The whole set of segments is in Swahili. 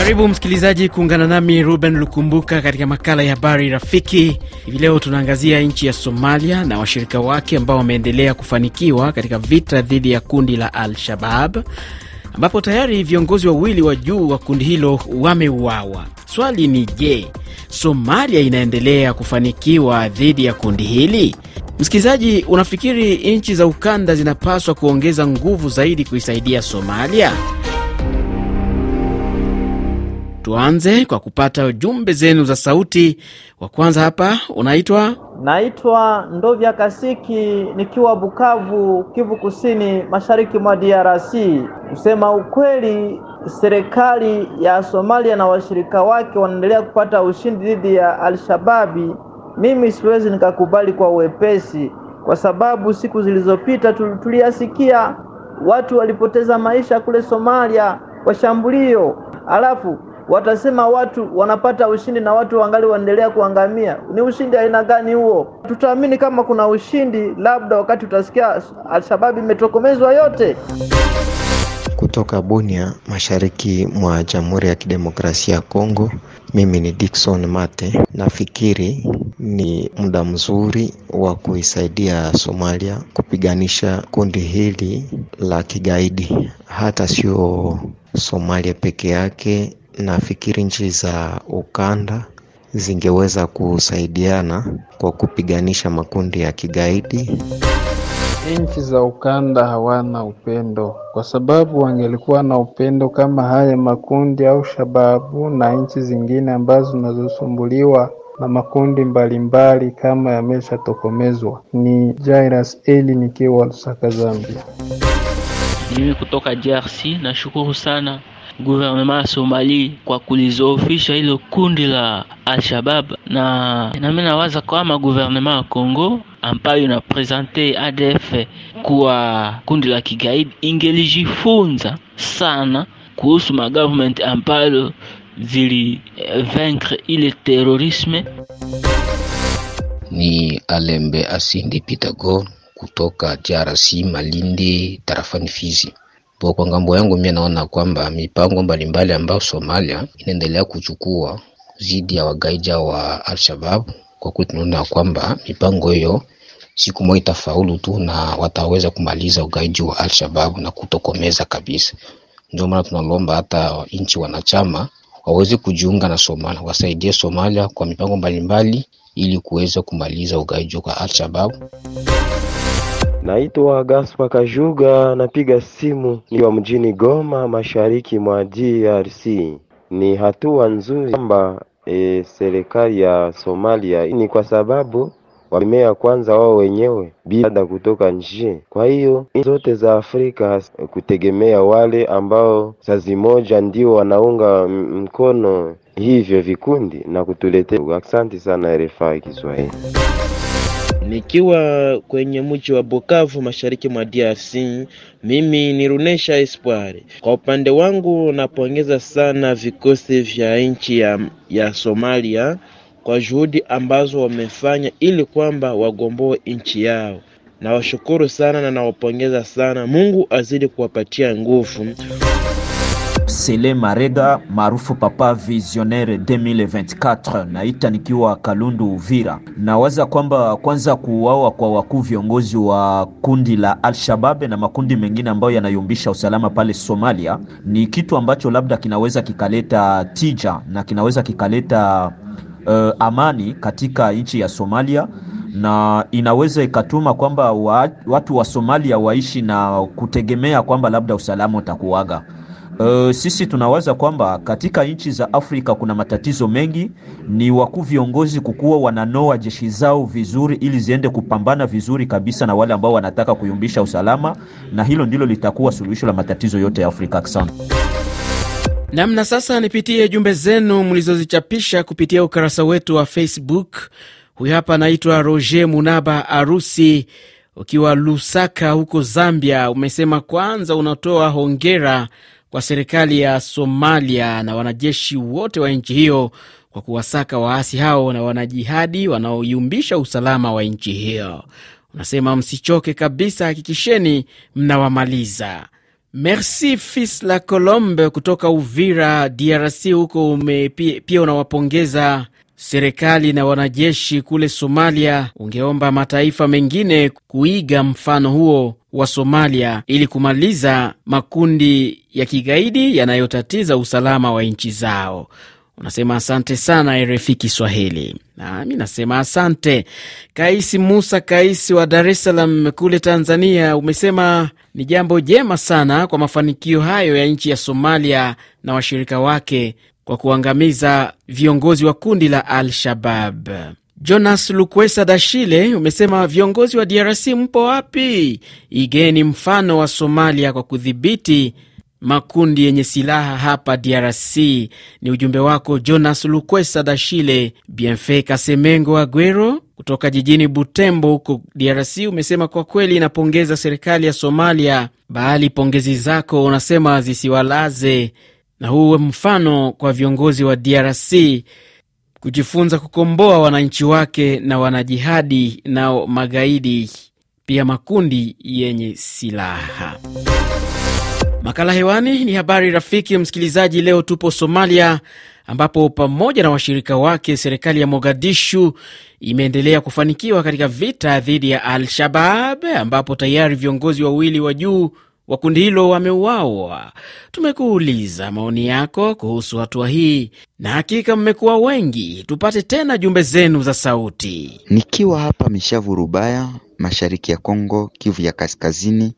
Karibu msikilizaji kuungana nami Ruben Lukumbuka katika makala ya habari rafiki. Hivi leo tunaangazia nchi ya Somalia na washirika wake ambao wameendelea kufanikiwa katika vita dhidi ya kundi la Al-Shabab ambapo tayari viongozi wawili wa juu wa kundi hilo wameuawa. Swali ni je, Somalia inaendelea kufanikiwa dhidi ya kundi hili? Msikilizaji, unafikiri nchi za ukanda zinapaswa kuongeza nguvu zaidi kuisaidia Somalia? Tuanze kwa kupata jumbe zenu za sauti. Wa kwanza hapa unaitwa? Naitwa Ndovya Kasiki nikiwa Bukavu, Kivu Kusini, mashariki mwa DRC. Kusema ukweli, serikali ya Somalia na washirika wake wanaendelea kupata ushindi dhidi ya Alshababi mimi siwezi nikakubali kwa uwepesi, kwa sababu siku zilizopita tuliyasikia watu walipoteza maisha kule Somalia kwa shambulio, alafu watasema watu wanapata ushindi na watu wangali waendelea kuangamia. Ni ushindi aina gani huo? Tutaamini kama kuna ushindi labda wakati utasikia Alshababu imetokomezwa yote. Kutoka Bunia, mashariki mwa Jamhuri ya Kidemokrasia ya Kongo. Mimi ni Dickson Mate. Nafikiri ni muda mzuri wa kuisaidia Somalia kupiganisha kundi hili la kigaidi, hata sio Somalia peke yake. Nafikiri nchi za ukanda zingeweza kusaidiana kwa kupiganisha makundi ya kigaidi. Nchi za ukanda hawana upendo, kwa sababu wangelikuwa na upendo kama haya makundi au shababu na nchi zingine ambazo zinazosumbuliwa na makundi mbalimbali mbali kama yameshatokomezwa. Ni Jairus Eli nikiwa Lusaka, Zambia. Mimi kutoka DRC nashukuru sana guvernema ya Somali kwa kulizoofisha hilo kundi la Al-Shabab, na nami nawaza kwama guvernema ya Kongo ambayo inapresente ADF kuwa kundi la kigaidi ingelijifunza sana kuhusu magovernment ambayo zili eh, venkre ile terorisme. Ni Alembe Asindi Pitago kutoka DRC Malindi tarafani Fizi kwa ngambo yangu mimi naona kwamba mipango mbalimbali ambayo Somalia inaendelea kuchukua dhidi ya wagaija wa Al-Shabaab, kwa kweli tunaona kwamba mipango hiyo siku moja itafaulu tu na wataweza kumaliza ugaiji wa Al-Shabaab na kutokomeza kabisa. Ndio maana tunalomba hata nchi wanachama waweze kujiunga na Somalia, wasaidie Somalia kwa mipango mbalimbali ili kuweza kumaliza ugaiji wa Al-Shabaab. Naitwa Gaspar Kajuga, napiga simu nikiwa mjini Goma, mashariki mwa DRC. Ni hatua nzuri kwamba e, serikali ya Somalia ni kwa sababu wamea kwanza wao wenyewe bila kutoka nje. Kwa hiyo zote za Afrika kutegemea wale ambao sazi moja ndio wanaunga mkono hivyo vikundi na kutuletea. Asante sana RFI Kiswahili. Nikiwa kwenye mji wa Bukavu mashariki mwa DRC, mimi ni Runesha Espoire. Kwa upande wangu napongeza sana vikosi vya nchi ya, ya Somalia kwa juhudi ambazo wamefanya ili kwamba wagomboe nchi yao. Nawashukuru sana na nawapongeza sana. Mungu azidi kuwapatia nguvu. Sele Marega maarufu Papa Visionnaire 2024 naita nikiwa Kalundu Uvira. Nawaza kwamba kwanza kuuawa kwa wakuu viongozi wa kundi la al shabab na makundi mengine ambayo yanayumbisha usalama pale Somalia ni kitu ambacho labda kinaweza kikaleta tija na kinaweza kikaleta uh, amani katika nchi ya Somalia na inaweza ikatuma kwamba watu wa Somalia waishi na kutegemea kwamba labda usalama utakuwaga. Uh, sisi tunawaza kwamba katika nchi za Afrika kuna matatizo mengi, ni wakuu viongozi kukuwa wananoa jeshi zao vizuri, ili ziende kupambana vizuri kabisa na wale ambao wanataka kuyumbisha usalama, na hilo ndilo litakuwa suluhisho la matatizo yote ya Afrika. Asante. Namna sasa nipitie jumbe zenu mlizozichapisha kupitia ukurasa wetu wa Facebook. Huyu hapa anaitwa Roger Munaba Arusi, ukiwa Lusaka huko Zambia. Umesema kwanza unatoa hongera kwa serikali ya Somalia na wanajeshi wote wa nchi hiyo kwa kuwasaka waasi hao na wanajihadi wanaoyumbisha usalama wa nchi hiyo. Unasema msichoke kabisa, hakikisheni mnawamaliza. Merci Fils la Colombe kutoka Uvira, DRC huko pia unawapongeza serikali na wanajeshi kule Somalia, ungeomba mataifa mengine kuiga mfano huo wa Somalia ili kumaliza makundi ya kigaidi yanayotatiza usalama wa nchi zao. Unasema asante sana RFI Kiswahili, nami nasema asante. Kaisi Musa Kaisi wa Dar es Salaam kule Tanzania, umesema ni jambo jema sana kwa mafanikio hayo ya nchi ya Somalia na washirika wake kwa kuangamiza viongozi wa kundi la Al-Shabab. Jonas Lukwesa Dashile umesema viongozi wa DRC mpo wapi? Igeni mfano wa Somalia kwa kudhibiti makundi yenye silaha hapa DRC. Ni ujumbe wako Jonas Lukwesa Dashile. Bienfe Kasemengo Agwero kutoka jijini Butembo huko DRC umesema kwa kweli inapongeza serikali ya Somalia, bali pongezi zako unasema zisiwalaze na huwe mfano kwa viongozi wa DRC kujifunza kukomboa wananchi wake na wanajihadi nao magaidi, pia makundi yenye silaha. Makala hewani ni habari rafiki msikilizaji. Leo tupo Somalia, ambapo pamoja na washirika wake serikali ya Mogadishu imeendelea kufanikiwa katika vita dhidi ya Al-Shabab, ambapo tayari viongozi wawili wa juu wa kundi hilo wameuawa. Tumekuuliza maoni yako kuhusu hatua hii na hakika mmekuwa wengi. Tupate tena jumbe zenu za sauti. Nikiwa hapa Mishavu Rubaya, mashariki ya Kongo, Kivu ya Kaskazini.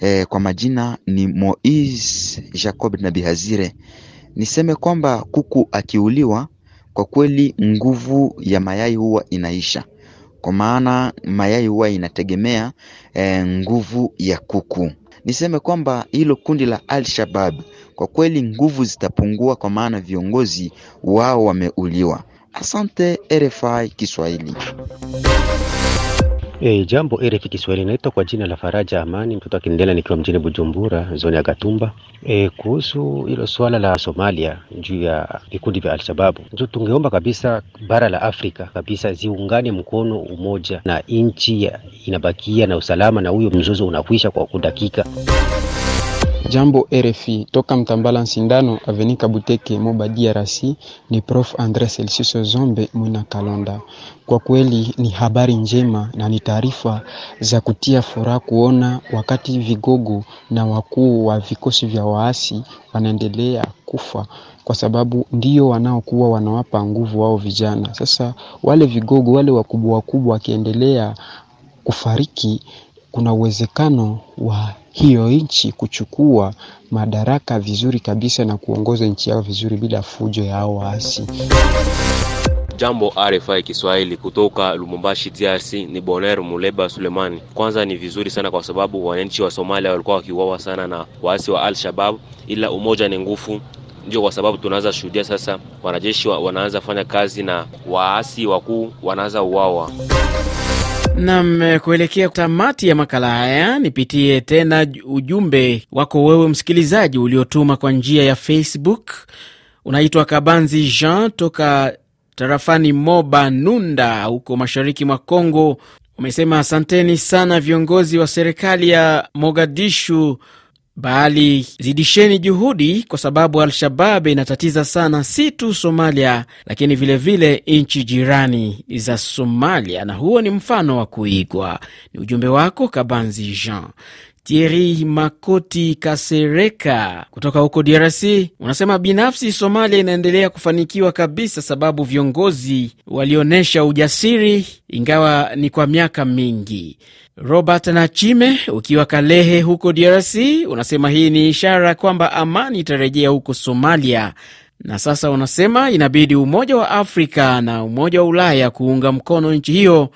E, kwa majina ni Moise Jacob Nabihazire. Niseme kwamba kuku akiuliwa, kwa kweli nguvu ya mayai huwa inaisha, kwa maana mayai huwa inategemea e, nguvu ya kuku niseme kwamba hilo kundi la al shabab kwa kweli nguvu zitapungua kwa maana viongozi wao wameuliwa asante rfi kiswahili E, jambo RFI Kiswahili, naitwa kwa jina la Faraja Amani, mtoto wa Kindela, nikiwa mjini Bujumbura, zoni ya Gatumba. E, kuhusu hilo swala la Somalia juu ya vikundi vya Alshababu, ndio tungeomba kabisa bara la Afrika kabisa ziungane mkono umoja, na nchi inabakia na usalama, na huyo mzozo unakwisha kwa kudakika. Jambo RFI toka Mtambala Nsindano Avenika Buteke Moba DRC, ni Prof Andre Celsiuso Zombe Mwina Kalonda. Kwa kweli ni habari njema na ni taarifa za kutia furaha kuona wakati vigogo na wakuu wa vikosi vya waasi wanaendelea kufa kwa sababu ndio wanaokuwa wanawapa nguvu wao vijana. Sasa wale vigogo wale wakubwa wakubwa wakiendelea kufariki kuna uwezekano wa hiyo nchi kuchukua madaraka vizuri kabisa na kuongoza nchi yao vizuri bila fujo ya hao waasi. Jambo RFI Kiswahili kutoka Lumumbashi, DRC. Ni Boner Muleba Sulemani. Kwanza ni vizuri sana kwa sababu wananchi wa Somalia walikuwa wakiuawa sana na waasi wa Al-Shabab, ila umoja ni nguvu ndio kwa sababu tunaanza shuhudia sasa wanajeshi wa, wanaanza fanya kazi na waasi wakuu wanaanza uawa Nam, eh, kuelekea tamati ya makala haya, nipitie tena ujumbe wako wewe msikilizaji uliotuma kwa njia ya Facebook. Unaitwa Kabanzi Jean toka tarafani Moba Nunda huko mashariki mwa congo Umesema asanteni sana viongozi wa serikali ya Mogadishu bali zidisheni juhudi, kwa sababu Al-Shabab inatatiza sana si tu Somalia, lakini vilevile nchi jirani za Somalia, na huo ni mfano wa kuigwa. Ni ujumbe wako Kabanzi Jean. Thierry Makoti Kasereka kutoka huko DRC unasema binafsi, Somalia inaendelea kufanikiwa kabisa, sababu viongozi walionyesha ujasiri, ingawa ni kwa miaka mingi. Robert Nachime ukiwa Kalehe huko DRC unasema hii ni ishara kwamba amani itarejea huko Somalia, na sasa unasema inabidi Umoja wa Afrika na Umoja wa Ulaya kuunga mkono nchi hiyo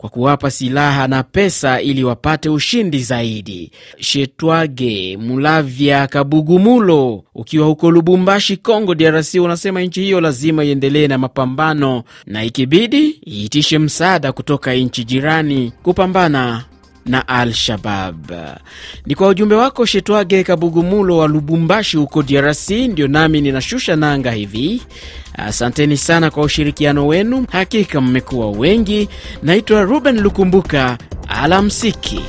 kwa kuwapa silaha na pesa ili wapate ushindi zaidi. Shetwage Mulavya Kabugumulo, ukiwa huko Lubumbashi, Congo DRC, unasema nchi hiyo lazima iendelee na mapambano na ikibidi iitishe msaada kutoka nchi jirani kupambana na Al-Shabab. Ni kwa ujumbe wako Shetwage Kabugumulo wa Lubumbashi huko DRC, ndio nami ninashusha nanga hivi. Asanteni sana kwa ushirikiano wenu, hakika mmekuwa wengi. Naitwa Ruben Lukumbuka, alamsiki.